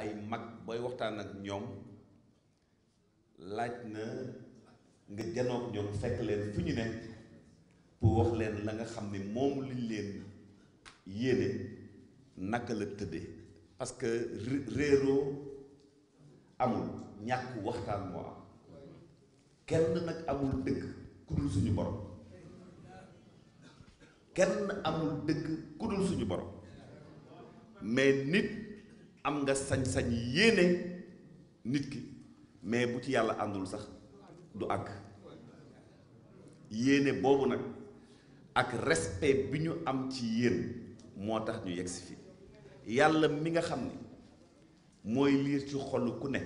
ay mag booy waxtaan ak ñoom laaj na nga janoog ñoom fekk leen fu ñu ne pour wax leen la nga xam ne moom liñ leen yéene naka la tëddee parce que réeroo amul ñàkk waxtaan moo am kenn nag amul dëgg ku dul suñu borom kenn amul dëgg ku dul suñu borom mais nit am nga sañ-sañ yéene nit ki mais bu ci yàlla àndul sax du àgg yéene boobu nag ak respect bi ñu am ci yéen moo tax ñu yegsi fii yàlla mi nga xam ne mooy liir ci xol ku ne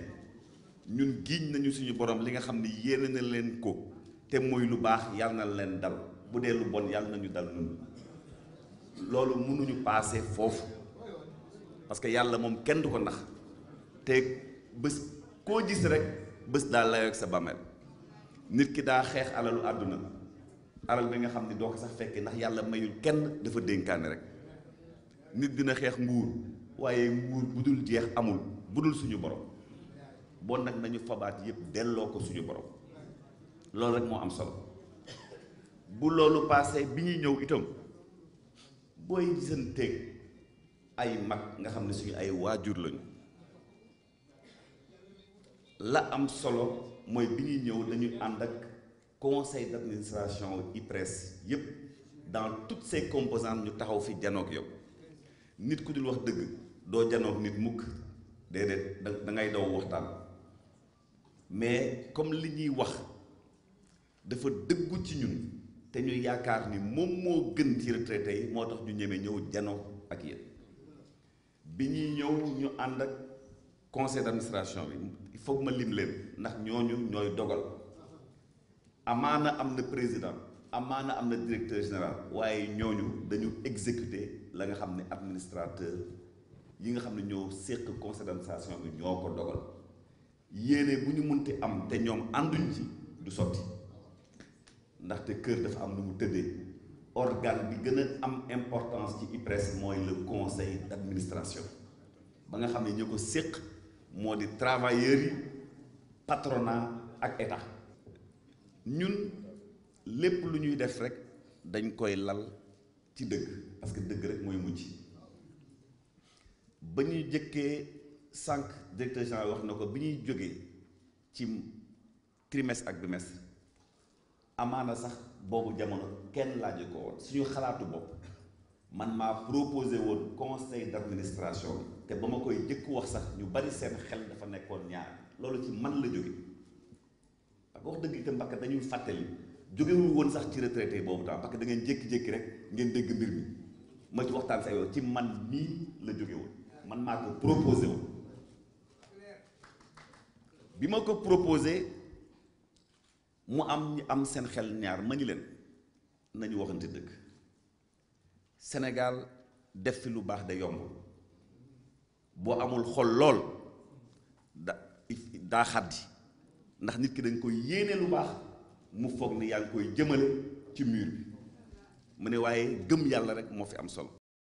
ñun giiñ nañu suñu borom li nga xam ni yéene na leen ko te mooy lu baax yàlla na leen dal bu dee lu bon yàlla nañu dal nun loolu mënuñu paase foofu parce que yàlla moom kenn du ko nax teg bés koo gis rek bés daa layoo ak sa bàmmeel nit ki daa xeex alalu àdduna alal bi nga xam ne doo ko sax fekkee ndax yàlla mayul kenn dafa dénkaane rek nit dina xeex nguur waaye nguur bu dul jeex amul bu dul suñu borom bon nag nañu fabaat yëpp delloo ko suñu borom loolu rek moo am solo bu loolu paasee bi ñuy ñëw itam booy gisanteeg ay mag nga xam ne suñu ay waajur lañu la am solo mooy bi ñuy ñëw dañuy ànd ak conseil d'administration IPRES yépp dans toutes ses composantes ñu taxaw fi janook yow nit ku dul wax dëgg doo janoog nit mukk déedéet da ngay daw waxtaan mais comme li ñuy wax dafa dëggu ci ñun te ñuy yaakaar ni moom moo gën ci retraité yi moo tax ñu ñeme ñëw janoog ak yéen bi ñuy ñëw ñu ànd ak conseil d'administration bi il faut ma lim leen ndax ñooñu ñooy dogal amaana am na président amaana am na directeur général waaye ñooñu dañu exécuter la nga xam ne administrateur yi nga xam ne ñoo séq conseil d'administration bi ñoo ko dogal yéene bu ñu munti am te ñoom ànduñ ci du sotti ndaxte kër dafa am nu mu tëddee organe bi gën a am importance ci IPRES mooy le conseil d'administration ba nga xam ne ñu ko séq moo di travailleurs yi patronat ak état ñun lépp lu ñuy def rek dañ koy lal ci dëgg parce que dëgg rek mooy mujj ba ñuy jëkkee sànq directeur wax na ko bi ñuy jógee ci trimestre ak bimestre amaana sax boobu jamono kenn laaju ko woon suñu xalaatu bopp man maa proposé woon conseil d'administration bi te ba ma koy jëkk wax sax ñu bari seen xel dafa nekkoon ñaar loolu ci man la jóge wax dëgg itam mbakk dañuy fàttali jógewul woon sax ci retraité boobu tam parce que da ngeen jékki-jékki rek ngeen dégg mbir ma ci waxtaan sa yow ci man mii la jóge man maa ko proposé woon bi ma ko proposé mu am ñu am seen xel ñaar ma ñu leen nañu waxante dëgg Sénégal def fi lu baax da yomb boo amul xol lool da daa xaddi ndax nit ki dañ koy yéene lu baax mu foog ni yaa ngi koy jëmale ci mur bi mu ne waaye gëm yàlla rek moo fi am solo